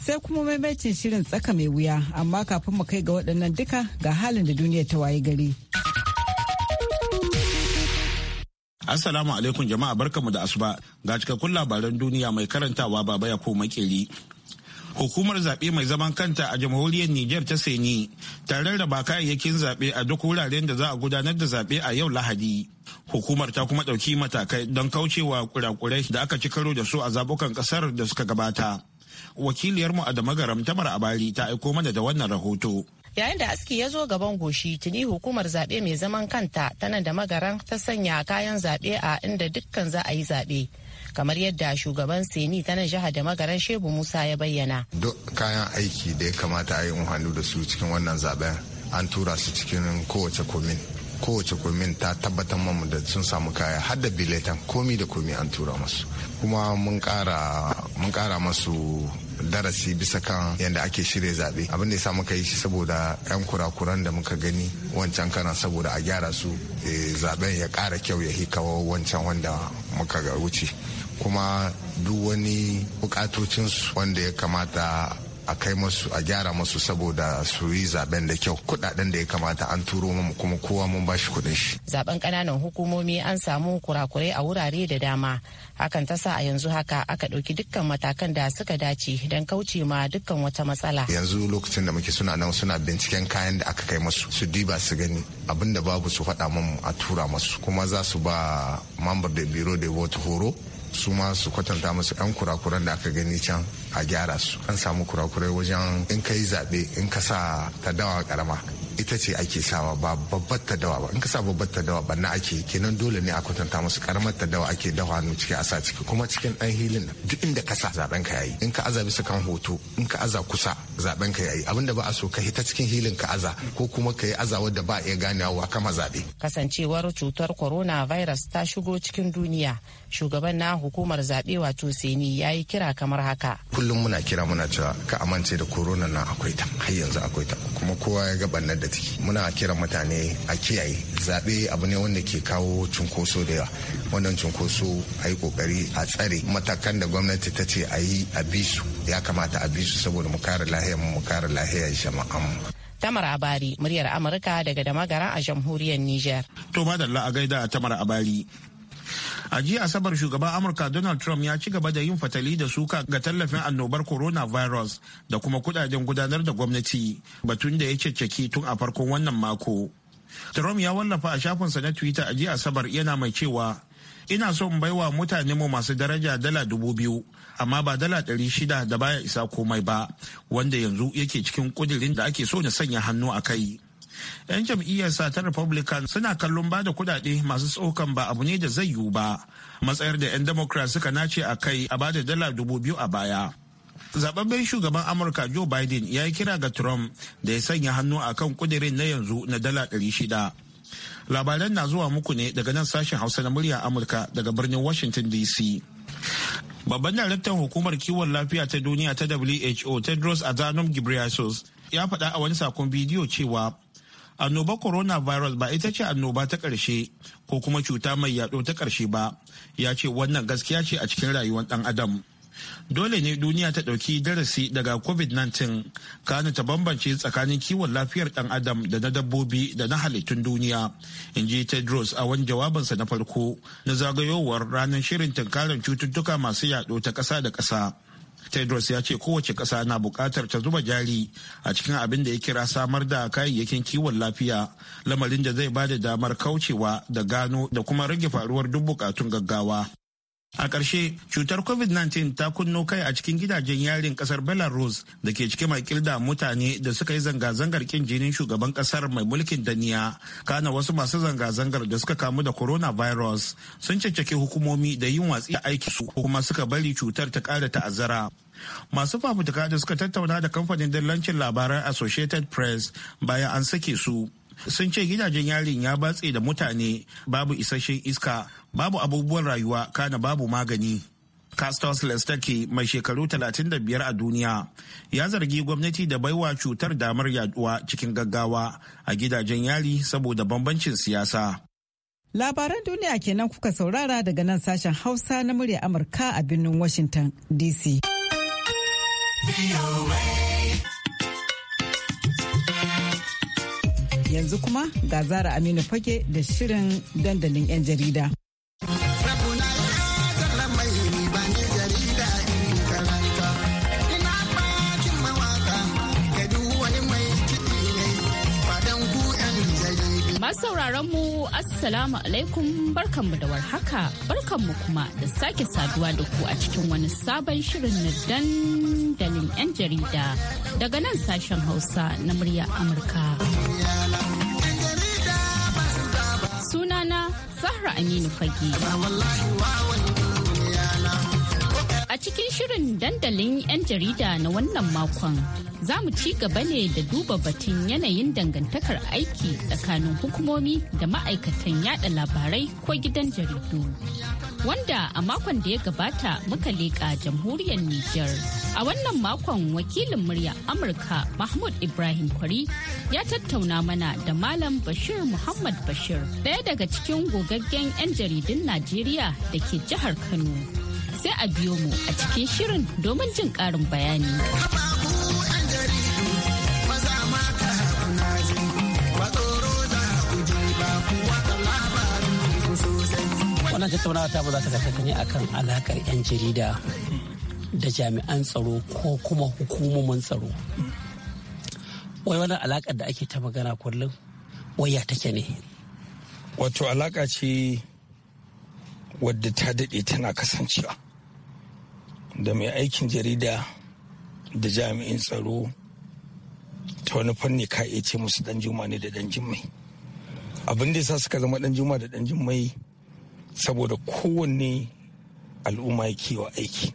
sai kuma maimacin shirin tsaka mai wuya amma kafin mu kai ga waɗannan duka ga halin da duniya ta waye gari. Assalamu alaikum jama'a barkamu da asuba ga cikakkun labaran duniya mai karantawa baba ya ko makeri. Hukumar zaɓe mai zaman kanta a jamhuriyar Nijar ta Seni ta rarraba kayayyakin zaɓe a duk wuraren da za a gudanar da zaɓe a yau Lahadi. Hukumar ta kuma ɗauki matakai don kaucewa kurakurai da aka ci karo da su a zabukan ƙasar da suka gabata. wakiliyarmu a damagaram tamar abari ta aiko mana da wannan rahoto yayin da aski ya zo gaban goshi tuni hukumar zaɓe mai zaman kanta tana da magaran ta sanya kayan zaɓe a inda dukkan za a yi zaɓe kamar yadda shugaban seni ta nan jihar da magaran shebu musa ya bayyana duk kayan aiki da ya kamata a yi hannu da su cikin wannan zaben an tura su cikin kowace komin kowace komin ta tabbatar mamu da sun samu kaya har da biletan komi da komi an tura masu kuma mun kara masu darasi bisa kan yadda ake shirya zaɓe abin da ya samu muka shi saboda 'yan kurakuran da muka gani wancan kana saboda a gyara su eh, zaben ya ƙara kyau ya hikawa wancan wanda muka ga wuce kuma duk wani bukatocinsu wanda ya kamata a kai masu a gyara masu saboda su yi zaben da kyau kudaden da ya kamata an turo mu kuma kowa mun bashi kudin shi zaben kananan hukumomi an samu kurakurai a wurare da dama hakan ta sa a yanzu haka aka ɗauki dukkan matakan da suka dace don kauce ma dukkan wata matsala yanzu lokacin da muke suna nan suna binciken kayan da aka kai masu su diba su gani abinda babu su faɗa mamu a tura masu kuma za su ba mambar da biro da vote horo su ma su kwatanta musu yan kurakuran da aka gani can a gyara su an samu kurakurai wajen in ka zaɓe in ka sa ta dawa karama ita ce ake sawa ba babbar ta dawa ba in ka sa babbar ta dawa ba na ake kenan dole ne a kwatanta musu karamar ta dawa ake dawa hannu ciki a sa ciki kuma cikin dan hilin duk inda ka sa zaben ka yayi in ka aza bisa kan hoto in ka aza kusa zaben ka yayi abinda ba a so ka hita cikin hilin ka aza ko kuma ka yi aza da ba iya ganewa kama zabe kasancewar cutar corona virus ta shigo cikin duniya shugaban na hukumar zabe wato seni ya yi kira kamar haka kullum muna kira muna cewa ka amince da corona na akwai ta har yanzu akwai ta kuma kowa ya ga da take muna kiran mutane a kiyaye zaɓe abu ne wanda ke kawo cunkoso da yawa wannan cunkoso a yi kokari a tsare matakan da gwamnati ta ce a yi a bisu ya kamata a bisu saboda mu kare lahiyar mu kare lahiyar jama'an Tamar Abari, muryar Amurka daga Damagara a jamhuriyar niger. To madalla a gaida a Tamar Abari. A jiya Asabar shugaban Amurka Donald Trump ya ci gaba da yin fatali da suka ga tallafin annobar corona virus. da kuma kudaden gudanar da gwamnati batun da ya cecceki tun a farkon wannan mako. Trump ya wallafa a shafinsa na Twitter a jiya Asabar yana mai cewa ina so in baiwa mutane mu masu daraja dala dubu biyu amma ba dala ɗari shida da baya isa komai ba wanda yanzu yake cikin kudirin da ake so na sanya hannu a kai. 'yan jam'iyyarsa ta republican suna kallon ba da kudade masu tsokan ba abu ne da zai yiwu ba matsayar da 'yan democrat suka nace a kai a bada dala dubu biyu a baya zababben shugaban amurka joe biden ya yi kira ga trump da ya sanya hannu a kan kudirin na yanzu na dala ɗari shida. labaran na zuwa muku ne daga nan sashen hausa na murya amurka daga birnin washington dc babban daraktan hukumar kiwon lafiya ta duniya ta who tedros adhanom ghebreyesus ya faɗa a wani sakon bidiyo cewa annoba coronavirus ba ita ce annoba ta ƙarshe ko kuma cuta mai yaɗo ta ƙarshe ba ya ce wannan gaskiya ce a cikin rayuwar ɗan adam dole ne duniya ta ɗauki darasi daga covid-19 kana ta bambance tsakanin kiwon lafiyar ɗan adam da na dabbobi da na halittun duniya in ji tedros a wani jawabinsa na farko na zagayowar ranar shirin tunkarar cututtuka masu yaɗo ta ƙasa da ƙasa tedros ya ce kowace ƙasa na buƙatar ta zuba jari a cikin abin da ya kira samar da kayayyakin kiwon lafiya lamarin da zai ba da damar kaucewa da gano da kuma rage faruwar duk buƙatun gaggawa A ƙarshe, cutar COVID-19 ta kunno kai a cikin gidajen yarin ƙasar Belarus da ke cike makilda mutane da suka yi zanga-zangar kin jinin shugaban ƙasar mai mulkin daniya. Kana wasu masu zanga-zangar da suka kamu da coronavirus sun caccake hukumomi da yin watsi da aiki su kuma suka bari cutar ta ƙara ta'azzara. Masu fafutuka da suka tattauna da kamfanin dillancin Labarai Associated Press bayan an sake su. Sun ce gidajen yarin ya batse da mutane babu isasshen iska babu abubuwan rayuwa kana babu magani kastos Lestake mai shekaru 35 a duniya ya zargi gwamnati da baiwa cutar damar yaduwa cikin gaggawa a gidajen yari saboda bambancin siyasa. Labaran duniya kenan kuka saurara daga nan sashen Hausa na murya Amurka a birnin Washington DC. Yanzu kuma ga Zara Aminu Fage da shirin dandalin 'yan jarida. Assalamu alaikum barkanmu da warhaka barkanmu kuma da sake saduwa da ku a cikin wani sabon shirin na dandalin 'yan jarida daga nan sashen Hausa na murya Amurka. Sunana Zahra Aminu Fage. cikin shirin dandalin 'yan jarida na wannan makon za mu ci gaba ne da duba batun yanayin dangantakar aiki tsakanin hukumomi da ma'aikatan yada labarai ko gidan jaridu. Wanda a makon da ya gabata muka leƙa jamhuriyar Nijar. A wannan makon wakilin murya Amurka Mahmud Ibrahim Kwari ya tattauna mana da Malam Bashir Muhammad Bashir, ɗaya daga cikin gogaggen 'yan jaridun Najeriya da ke jihar Kano. sai a biyo mu a cikin shirin domin jin karin bayani. wannan tattaunawa ta ba za ta tafi ne akan alakar 'yan jarida da jami'an tsaro ko kuma hukumomin tsaro wai wannan alakar da ake ta magana kullum Wai ya take ne wato alaka ce wadda ta daɗe tana kasancewa da mai aikin jarida da jami'in tsaro ta wani fanni ka iya ce musu dan juma ne da dan jimmai abin da ya sa suka zama dan juma da dan jimmai saboda kowanne al'umma ya kewa aiki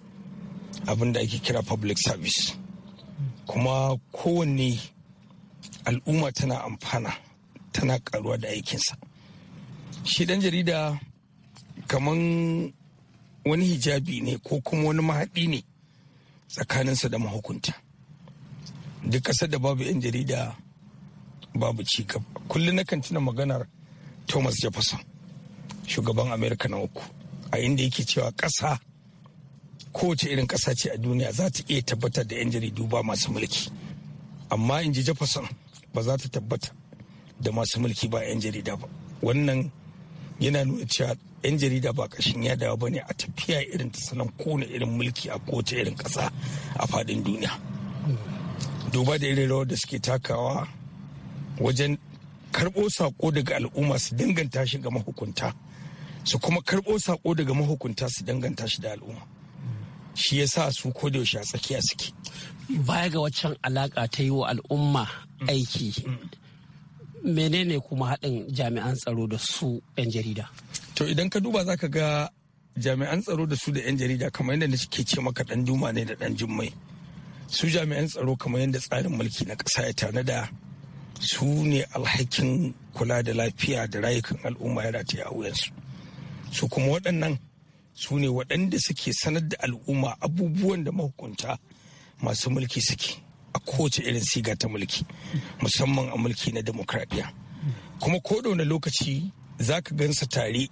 abin da ake kira public service kuma kowanne al'umma tana amfana tana karuwa da aikinsa shi dan jarida kaman wani hijabi ne ko kuma wani mahaɗi ne tsakaninsa da mahukunta duk ƙasar da babu 'yan jarida babu cigaba kullum nakan tuna maganar thomas jefferson shugaban amerika na uku a inda yake cewa ƙasa kowace irin ƙasa ce a duniya za ta iya tabbatar da 'yan jaridu ba masu mulki amma in ji jefferson ba za ta tabbata da masu mulki ba 'yan jarida ba wannan yana nuna cewa 'yan jarida ba kashin ya dawo ba ne a tafiya irin ta sanan kone irin mulki a kowace irin ƙasa a faɗin duniya duba da irin rawar da suke takawa wajen karɓo saƙo daga al'umma su danganta shi ga mahukunta su kuma karɓo saƙo daga mahukunta su danganta shi da al'umma shi ya sa su ko a tsakiya suke baya ga waccan alaƙa ta yi wa al'umma mm. aiki mm. menene kuma haɗin jami'an tsaro da su 'yan jarida to idan ka duba zaka ga jami'an tsaro da su da 'yan jarida kamar yadda na ke ce maka dan duma ne da dan jummai su jami'an tsaro kamar yadda tsarin mulki na ƙasa ya tanada su ne alhakin kula da lafiya da rayukan al'umma ya rataye a wuyansu su kuma waɗannan su ne waɗanda suke sanar da al'umma abubuwan da mahukunta masu mulki suke a kowace irin siga ta mulki musamman a mulki na demokradiyya kuma ko da lokaci za ka gansa tare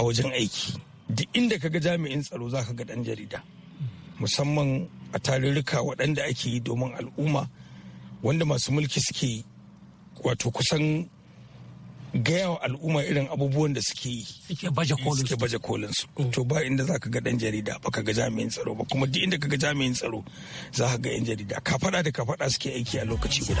a wajen aiki duk inda ka ga jami'in tsaro za ka ga ɗan jarida musamman a tarurruka waɗanda ake yi domin al'umma wanda masu mulki suke wato kusan gaya wa al'umma irin abubuwan da suke yi suke baje kolin su mm. to ba inda zaka ga dan jarida ba ka ga jami'in tsaro ba kuma duk inda ka ga jami'in tsaro za ka ga yan jarida ka faɗa da ka faɗa suke aiki a lokaci guda.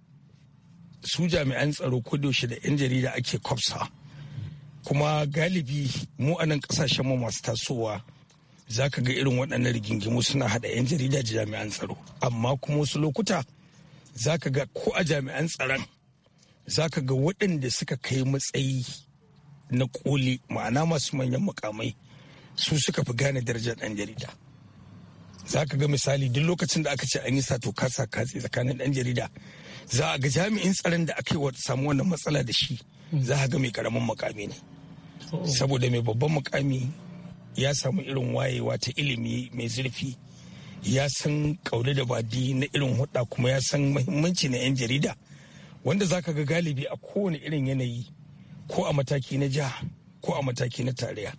su jami'an tsaro ko yaushe da 'yan jarida ake kwafsa kuma galibi mu a nan kasashen mu masu tasowa za ka ga irin waɗannan rigingimu suna haɗa 'yan jarida da jami'an tsaro amma kuma wasu lokuta za ka ga ko a jami'an tsaron za ka ga waɗanda suka kai matsayi na koli ma'ana masu manyan mukamai su suka fi gane darajar ɗan jarida za ka ga misali duk lokacin da aka ce an yi sato kasa katse tsakanin ɗan jarida za a ga jami'in tsaron da aka yi samu wannan matsala da shi za a ga mai karamin mukami ne saboda mai babban mukami ya samu irin wayewa ta ilimi mai zurfi ya san kaule da badi na irin hudda kuma ya san mahimmanci na 'yan jarida wanda za ka ga galibi a kowane irin yanayi ko a mataki na jiha ko a mataki na tarayya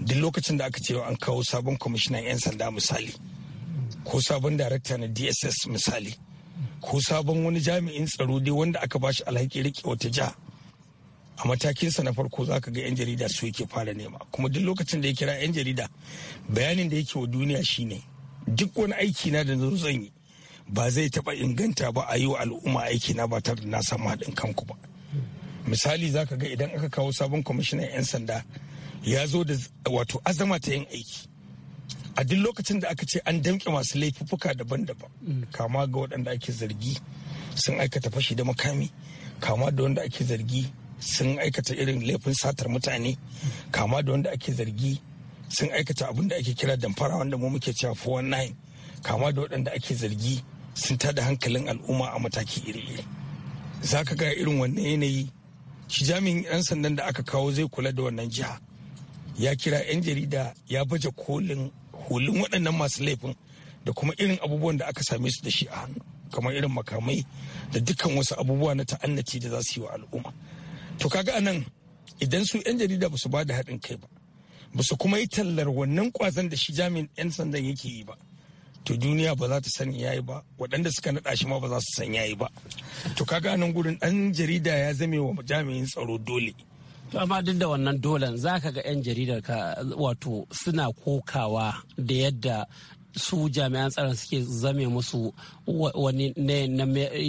duk lokacin da aka cewa an kawo sabon kwamishinan 'yan sanda misali ko sabon darakta na dss misali ko sabon wani jami'in tsaro dai wanda aka bashi alhaki rike wata ja a matakinsa na farko za ka ga 'yan jarida su yake fara nema kuma duk lokacin da ya kira 'yan jarida bayanin da yake wa duniya shine duk wani aiki na da zan yi ba zai taba inganta ba a yi wa al'umma aiki na ba tare da na samu haɗin kanku ba misali za ka ga idan aka kawo sabon kwamishinan 'yan sanda ya zo da wato azama ta yin aiki a duk lokacin da aka ce an damke masu laifuka daban-daban mm. kama ga waɗanda ake zargi sun aikata fashi da makami kama da wanda ake zargi sun aikata irin laifin satar mutane mm. kama da wanda ake zargi sun aikata abin da ake kira damfara wanda mu muke cewa 419 kama da waɗanda ake zargi sun tada hankalin al'umma a mataki iri-iri za ka ga irin wannan yanayi shi jami'in 'yan sandan da aka kawo zai kula da wannan jiha ya kira 'yan jarida ya baje kolin hulun waɗannan masu laifin da kuma irin abubuwan da aka same su da shi a hannu kamar irin makamai da dukkan wasu abubuwa na ta'annaci da za su yi wa al'umma to kaga nan idan su 'yan jarida ba su ba da haɗin kai ba ba su kuma yi tallar wannan kwazon da shi jami'in 'yan sandan yake yi ba to duniya ba za ta sani yi ba waɗanda suka naɗa shi ma ba za su san yi ba to kaga nan gurin ɗan jarida ya zame wa jami'in tsaro dole To amma duk da wannan dolan za ka ga 'yan jaridar ka wato suna kokawa da yadda su jami'an tsaron suke zame musu wani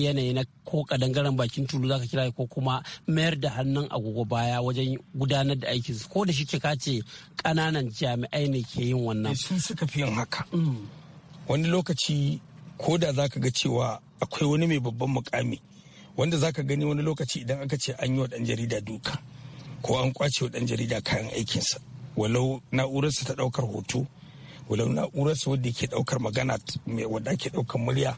yanayi na ko kadangaren bakin tulu zaka kira ko kuma mayar da hannun agogo baya wajen gudanar da aikin su ko da shi ka ce kananan jami'ai ne ke yin wannan eh, su suka fi yin haka mm. wani lokaci ko da zaka ga cewa akwai wani mai babban mukami wanda zaka gani wani lokaci idan aka ce an yi wa dan jarida duka ko an kwace wa dan jarida kayan aikinsa walau na'urarsa ta ɗaukar hoto walau na'urarsa wadda ke daukar magana wadda ke daukar murya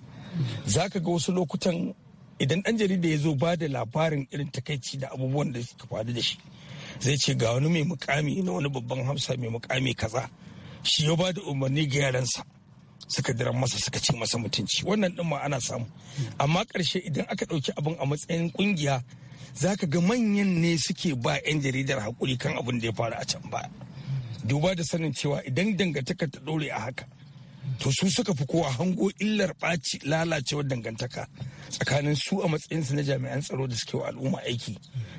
za ka ga wasu lokutan idan dan jarida ya zo ba da labarin irin takaici da abubuwan da suka faru da shi zai ce ga wani mai mukami na wani babban hamsa mai mukami kaza shi ya ba da umarni ga yaransa suka dira masa suka ci masa mutunci wannan din ma ana samu amma karshe idan aka ɗauki abin a matsayin kungiya za ka ga manyan ne suke ba 'yan jaridar hakuri kan abin da ya faru a can ba. duba da sanin cewa idan dangantaka ta ɗore a haka to su suka fi kowa hango illar ɓaci lalacewar dangantaka tsakanin su a matsayinsu na jami'an tsaro da suke wa al'umma aiki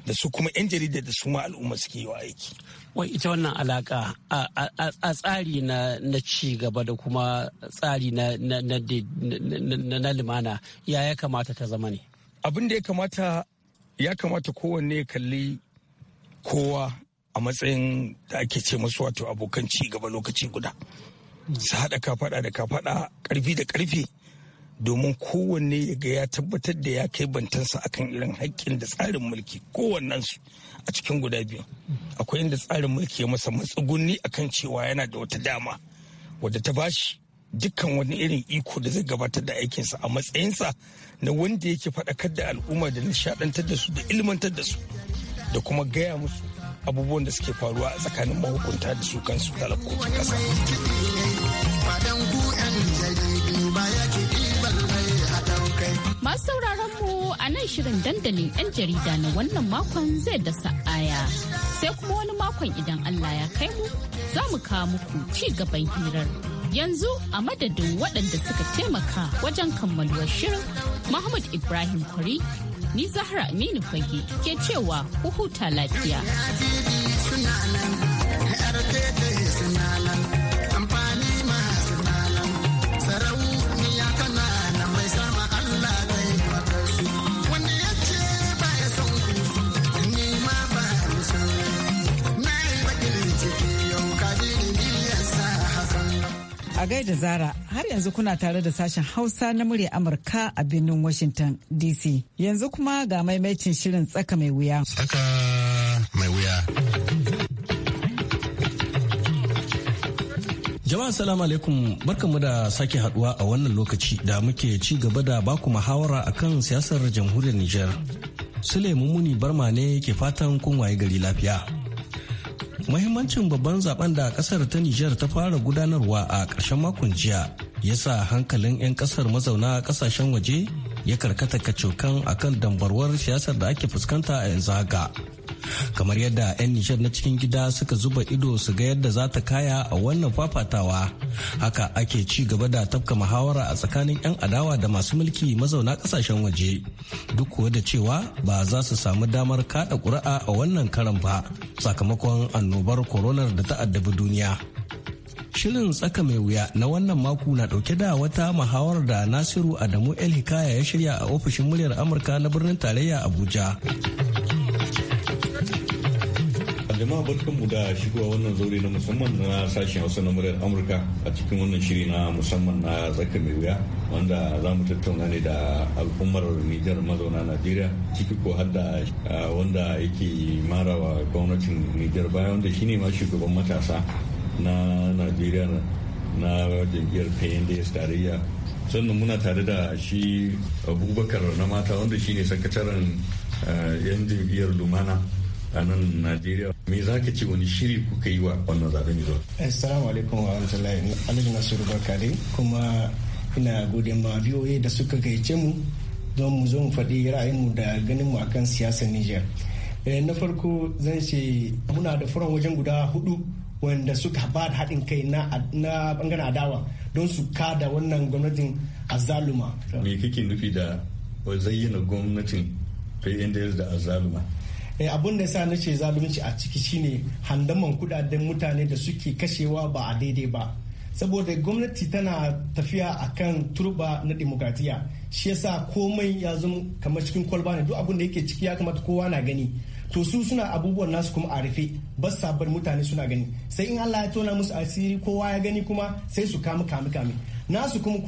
da su kuma 'yan jaridar da su ma al'umma suke wa aiki. wai ita wannan alaka a tsari na ci gaba da kuma tsari na limana ya ya kamata ta zama ne abin da ya kamata ya kamata kowanne ya kalli kowa a matsayin da ake ce masu wato abokan ci gaba lokaci guda su haɗa kafaɗa da kafaɗa ƙarfi da ƙarfi domin kowanne ya ga ya tabbatar da ya kai bantansa akan irin haƙƙin da tsarin mulki kowannensu a cikin guda biyu akwai inda tsarin mulki ya masa matsugunni akan cewa yana da wata dama wadda ta bashi dukkan wani irin iko da zai gabatar da aikinsa a matsayinsa na wanda yake faɗakar da al'umma da nishaɗantar da su da ilmantar da su da kuma gaya musu abubuwan da suke faruwa a tsakanin mahukunta da su kansu talabkocin ƙasa. Masu sauraron mu a nan shirin dandalin 'yan jarida na wannan makon zai da sa'aya. Sai kuma wani makon idan Allah ya kai mu za mu kawo muku ci gaban hirar. Yanzu a madadin waɗanda suka taimaka wajen kammaluwar shirin Muhammad Ibrahim Kwari, ni Zahra Aminu Fage ke cewa ku huta lafiya. A gaida Zara, har yanzu kuna tare da sashen Hausa na murya Amurka a birnin Washington DC. Yanzu kuma ga maimaitin shirin tsaka mai wuya. Tsaka mai wuya. Jama'a salamu alaikum barkanmu da sake haduwa a wannan lokaci da muke ci gaba da baku muhawara kan siyasar jamhuriyar niger Sule mummuni Barma ne ke fatan kun waye gari lafiya. Muhimmancin babban zaben da kasar ta Nijar ta fara gudanarwa a ƙarshen makon jiya ya sa hankalin 'yan kasar mazauna ƙasashen waje ya karkata kacokan akan dambarwar siyasar da ake fuskanta a yanzu haka kamar yadda 'yan nishar na cikin gida suka zuba ido su ga yadda za ta kaya a wannan fafatawa haka ake ci gaba da tafka muhawara a tsakanin 'yan adawa da masu mulki mazauna kasashen waje duk kuwa da cewa ba za su samu damar kada ƙuri'a a wannan karan ba sakamakon annobar koronar da ta addabi duniya Shirin tsaka mai wuya na wannan maku na dauke da wata muhawarar da Nasiru Adamu El Hikaya ya shirya a ofishin muryar Amurka na birnin tarayya Abuja. jama'a mu da shigowa wannan zaure na musamman na sashen hausa na muryar amurka a cikin wannan shiri na musamman na tsaka mai wuya wanda za mu tattauna ne da al'ummar nijar mazauna najeriya ciki ko hadda wanda yake marawa gwamnatin nijar baya wanda shine ma shugaban matasa na najeriya na jam'iyyar pnds tarayya sannan muna tare da shi abubakar na mata wanda shine sakataren yan jam'iyyar lumana a nan najeriya me za ka ce wani shiri kuka yi wa wannan zaɓe mai zuwa assalamu alaikum wa rahmatullahi ni alhaji nasiru barkale kuma ina gode ma biyoye da suka gayyace mu don mu zo mu faɗi ra'ayinmu da ganin mu akan siyasar niger eh, na farko zan ce muna da furan wajen guda hudu wanda suka ba da haɗin kai na bangaren adawa don su kada wannan gwamnatin azaluma me kake nufi da zayyana gwamnatin pnds da azaluma Eh, abun da yasa nace zalunci a ciki shine handaman kudaden mutane da suke kashewa ba a daidai ba saboda gwamnati tana tafiya a kan turba na demokratiya shi yasa komai ya zama kamar cikin kwalba ne duk abun da yake ciki ya kamata kowa na gani to su suna abubuwan nasu kuma a rufe ba sabar mutane suna gani sai in Allah ya tona musu asiri kowa ya gani kuma sai su kama kame nasu kuma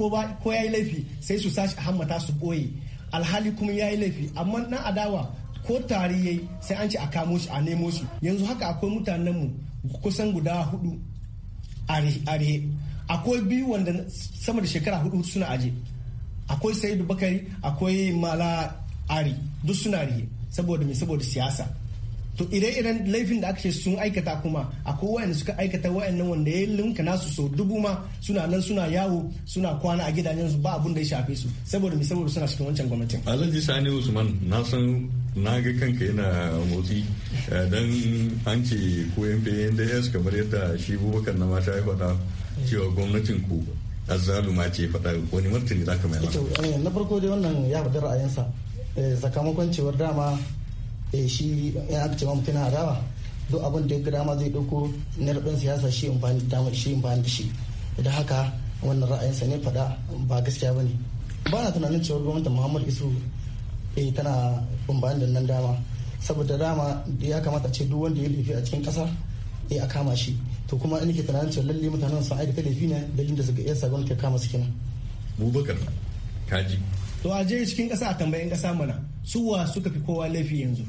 ko ya yi laifi sai su sashi hammata su ɓoye alhali kuma ya yi laifi amma na adawa ko tari yayi sai an ce a kamo shi a nemo shi yanzu haka akwai mutanen mu kusan guda hudu a akwai biyu wanda sama da shekara hudu suna aje akwai sa'idu bakari akwai mala ari duk suna rihe saboda mai saboda siyasa to ire-iren laifin da aka ce sun aikata kuma akwai wa'anda suka aikata wa'annan wanda ya linka nasu sau dubu ma suna nan suna yawo suna kwana a gidajen su ba abun da ya shafe su saboda mi saboda suna cikin wancan gwamnatin alhaji sani usman na san na ga kanka yana motsi eh, dan an ce ko yan da yas kamar yadda shi bubakar na mata ya faɗa cewa gwamnatin ku azzaluma ce faɗa wani martini za ka mai eh, na farko dai wannan ya faɗi ra'ayinsa eh, sakamakon cewar dama Eh, shi ya aka ce mutum na adawa duk abin da ya dama zai dauko na rabin siyasa shi in bani dama shi in bani da shi da haka wannan ra'ayinsa ne faɗa ba gaskiya ba ne ba na tunanin cewa gwamnatin muhammad isu eh tana bambani da nan dama saboda dama ya kamata ce duk wanda ya lafi a cikin kasa eh a kama shi to kuma in ke tunanin cewa lalle mutanen sun aika laifi ne dalilin da suka iya sabon ka kama su kenan bubakar kaji to a je cikin kasa a tambayin kasa mana suwa suka fi kowa laifi yanzu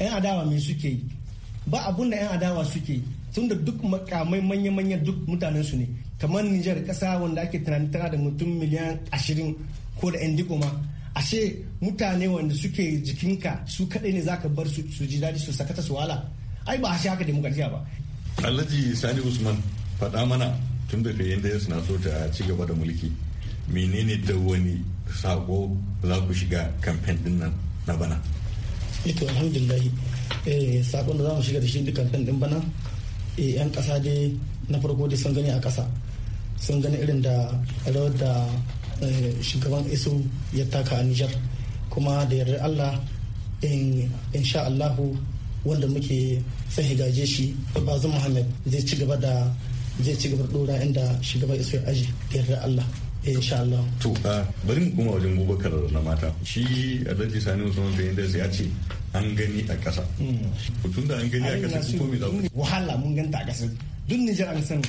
'yan adawa me suke yi ba abun da 'yan adawa suke yi tun da duk makamai manya-manya duk mutanen su ne kamar Nijar kasa wanda ake tunanin tana da mutum miliyan ashirin ko da 'yan diko ma ashe mutane wanda suke jikinka su kaɗai ne zaka bar su su ji daɗi su sakata su wala ai ba ashe haka demokratiya ba alhaji sani usman faɗa mana tun da kai yanda suna so ta ci gaba da mulki menene da wani sako za ku shiga kamfen din nan na bana ito eh, alhamdulillahi eh, sakon da za mu shiga da shi dukkan din bana eh, yan ƙasa dai na farko da sun gani a kasa sun gani irin da rawar da shugaban iso ya taka a nijar kuma da yarda allah in insha allahu wanda muke sai gaje shi bazin muhammad zai ci gaba da zai ci gaba dora inda shugaban isu ya aji da yarda allah Inshallah. Allah to bari mu koma wajen Bubakar na mata shi Alhaji Sani Usman bin Idris ya ce an gani a ƙasa hmm. tun da an gani a ƙasa ko me da wahala mun ganta a ƙasa duk Nijar an san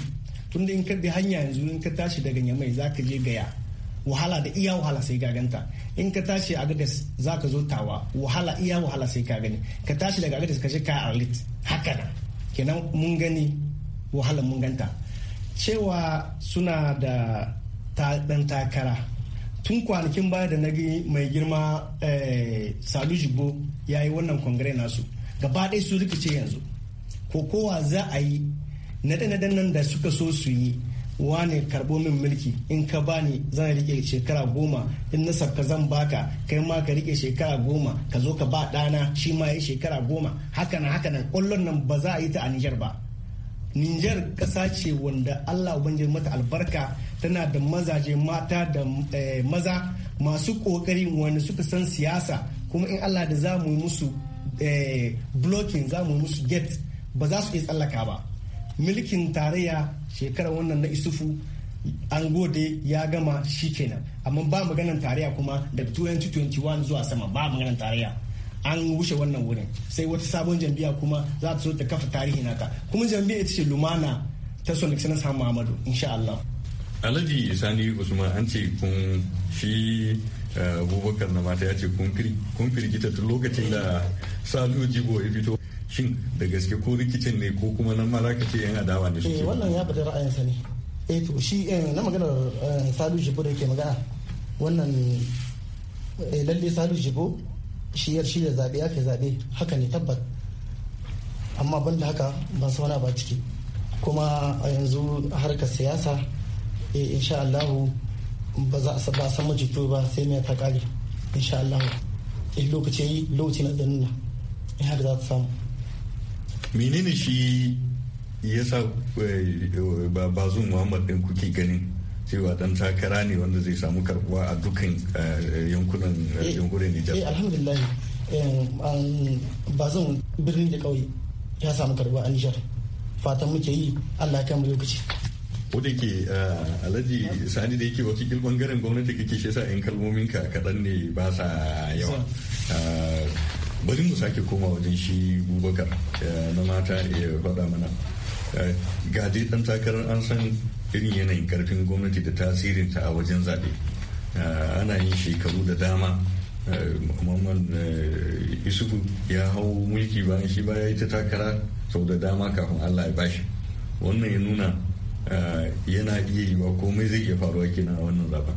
tun da in ka bi hanya yanzu in ka tashi daga Nyamai zaka je Gaya wahala da iya wahala sai ka ganta in ka tashi a gadas zaka zo tawa wahala iya wahala sai ka gani ka tashi daga agadas ka ka arlit haka nan kenan mun gani wahala mun ganta cewa suna da ta dan takara tun kwanakin baya da na mai girma eh, salu jibo ya yi wannan kongare nasu gaba ɗaya su rikice yanzu ko kowa za a yi naɗe-naɗen nan da suka so su yi wane karɓo min mulki in ka bani zan rike shekara goma in na sabka zan baka kai ma ka rike shekara goma ka zo ka ba ɗana shi ma ya shekara goma hakanan hakanan ƙwallon nan ba za a yi ta a Nijar ba Nijar ƙasa ce wanda Allah ubangiji mata albarka tana da mazaje mata da eh, maza masu ƙoƙari wanda suka san siyasa kuma in Allah da za mu yi musu eh, blocking za mu yi musu gate ba za su iya tsallaka ba. Mulkin tarayya shekarar wannan na Isufu an gode ya gama shi kenan amma ba maganan tarayya kuma daga 2021 zuwa sama ba maganan tarayya. an wuce wannan wurin sai wata sabon jam'iyya kuma za ta zo ta kafa tarihi naka kuma jam'iyya ita ce lumana ta sonic sanar samu muhammadu insha allah alhaji sani usman an ce kun shi eh, abubakar na mata ya ce kun firgita tun lokacin da salu jibo ya fito shin da gaske ko rikicin ne ko kuma nan mara ka ce yan adawa ne suke eh, wannan ya faɗi ra'ayinsa ne eh to shi eh, na maganar salu jibo da ke magana wannan lalle salu jibo shi da shirya zaɓe ya zaɓe haka ne tabbat amma ban da haka ban san wani ba ciki kuma a yanzu harkar siyasa eh, insha Allahu ba za a san majito ba sai mai ta kare insha Allahu lokaci yi lokaci na tsanina in har za ta samu menene shi yasa sa eh, eh, zuwa muhammad din kuke ganin cewa dan takara ne wanda zai samu karbuwa a dukkan eh, yankunan eh, eh, yankunan Nijar. Eh alhamdulillah ba zan birnin da kauye ya samu karbuwa a Nijar. Fatan muke yi Allah ya kama lokaci. ko da ke alhaji sani da yake wakil bangaren gwamnati kake shi yasa in kalmomin ka kaɗan ne ba sa yawa bari mu sake koma wajen shi bubakar na mata ya faɗa mana ga dai ɗan takarar an san irin yanayin karfin gwamnati da tasirinta a wajen zaɓe eh, ana yin shekaru da dama eh, Muhammad eh, isuku ya hau mulki bayan shi baya ita takara sau da dama kafin Allah ya bashi wannan ya nuna yana iya yiwa komai zai iya faruwa kenan a wannan zaben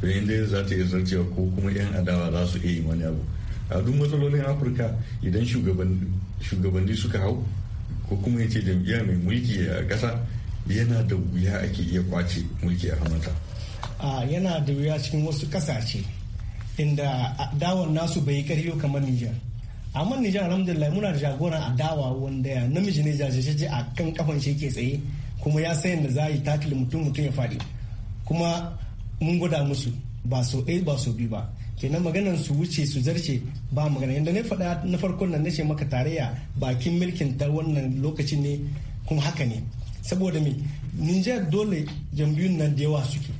don inda za ta iya zarcewa ko kuma 'yan adawa za su iya yi wani abu a duk matsalolin afirka idan shugabanni suka hau ko kuma ya ce jam'iyya mai mulki a ƙasa yana da wuya ake iya kwace mulki a a yana da wuya cikin wasu kasashe inda dawon nasu bai yi kamar Nijar amma Nijar alhamdulillah muna da jagoran dawa wanda namiji ne jajajaje a kan kafan shi ke tsaye kuma ya sayan da za yi takil mutum mutum ya faɗi kuma mun gwada musu ba so a ba so biyu ba kenan maganan su wuce su zarce ba magana yadda na faɗa na farkon nan ce maka tarayya bakin mulkin ta wannan lokacin ne kuma haka ne saboda me Niger dole jambiyun nan da yawa suke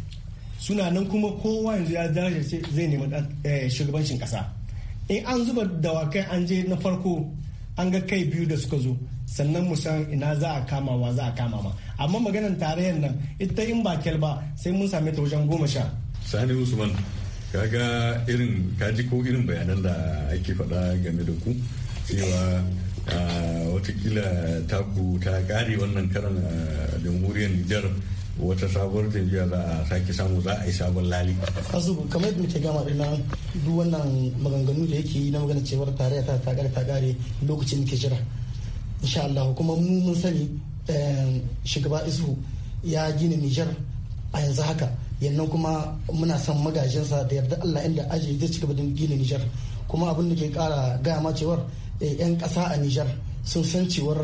suna nan kuma kowa yanzu ya daraja zai nemi eh, shugabancin kasa in an zuba dawakai an je na farko an ga kai biyu da suka zo sannan mu san ina za a kama wa za a kama ma amma maganar tarayyar nan ita in ba ba sai mun same ta wajen goma sha sani usman kaga irin kaji ko irin bayanan da ake faɗa game da ku cewa ah, watakila taku ta kare wannan karan a jamhuriyar nijar wata sabuwar jam'iyya za a sake samu za a yi sabon lali. azubu kamar yadda muke gama dinnan duk wannan maganganu da yake yi na magana cewar tarayya ta ta kare ta kare lokacin ke jira insha Allah kuma mu mun sani eh, shugaba isu ya gina Nijar a yanzu haka yannan kuma muna son magajinsa da yarda Allah inda aji zai ci gaba da gina Nijar kuma abin da ke kara gaya ma cewar eh, 'yan ƙasa a Nijar sun san cewar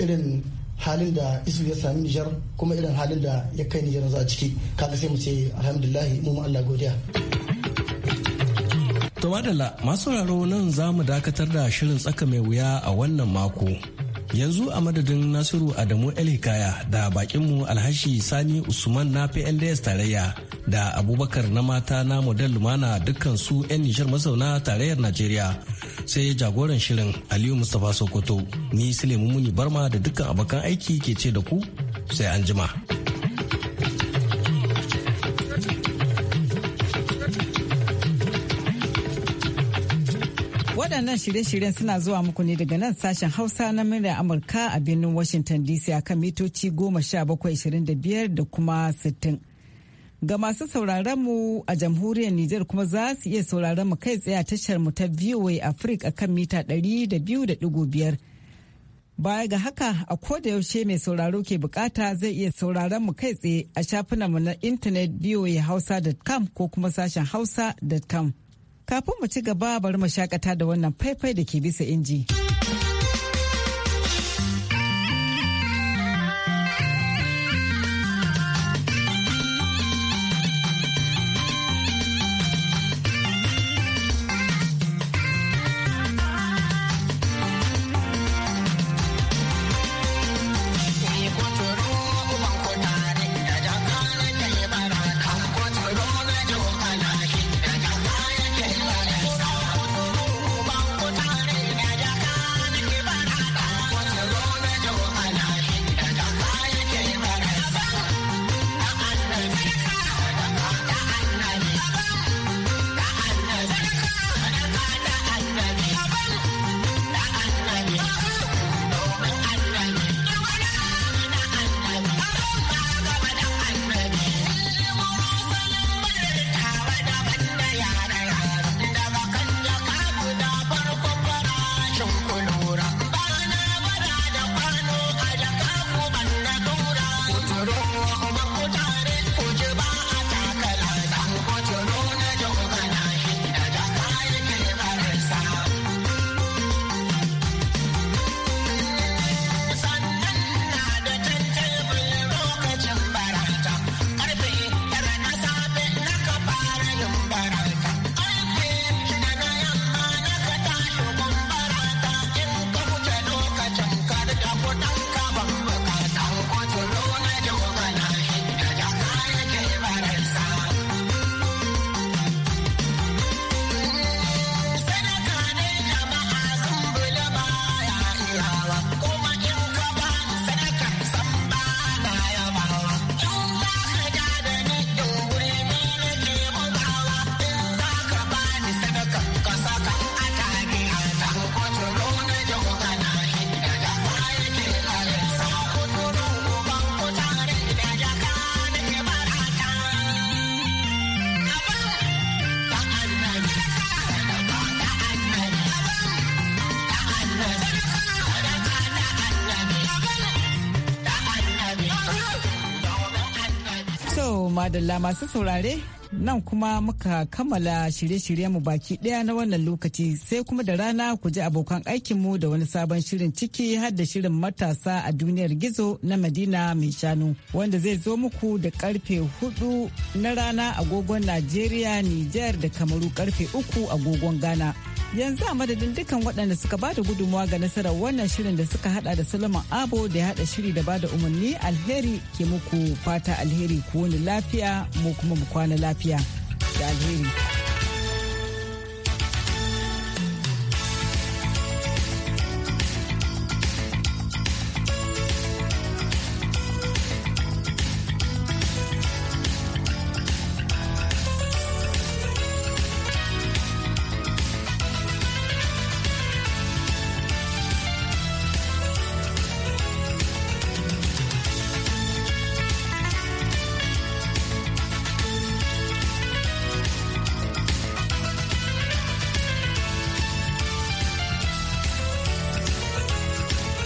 irin halin da isu ya sami nijar kuma irin halin da ya kai nijar a ciki kaga sai mu ce alhamdulillahi mu Allah godiya to madalla masu raro nan za mu dakatar da shirin tsaka mai wuya a wannan mako yanzu a madadin nasiru adamu elhikaya da bakinmu alhashi sani usman na pnds tarayya da abubakar na mata na model lumana dukkan su 'yan nishar mazauna tarayyar najeriya sai jagoran shirin Aliyu Mustapha Sokoto ni Sulemu Muni Barma da dukkan abokan aiki ke ce da ku sai an jima. waɗannan shirye-shiryen suna zuwa muku ne daga nan sashen hausa na murya amurka a birnin washington dc akan mitoci 1725 da kuma 60 Ga masu sauraron mu a jamhuriyar Nijar kuma za su iya sauraron mu kai tsaye a tashar mu ta VOA Africa kan mita 200.5. Baya ga haka a koda yaushe mai sauraro ke bukata zai iya sauraron mu kai tsaye a shafinanmu na intanet voahausa.com ko kuma sashen hausa.com. Kafin mu ci gaba bari mu shakata da wannan faifai da ke bisa inji. madalla masu saurare nan kuma ka kammala shirye-shiryenmu baki ɗaya na wannan lokaci sai kuma da rana ku ji abokan aikinmu da wani sabon shirin ciki har da shirin matasa a duniyar gizo na Madina mai shanu wanda zai zo muku da karfe hudu na rana agogon Najeriya, niger da Kamaru karfe uku agogon Ghana. yanzu a madadin dukkan waɗanda suka ba da gudunmawa ga nasarar wannan shirin da suka hada da salomon Abo da ya hada shiri da ba da umarni alheri ke muku fata alheri ku wani lafiya mu kuma mu kwana lafiya. da alheri.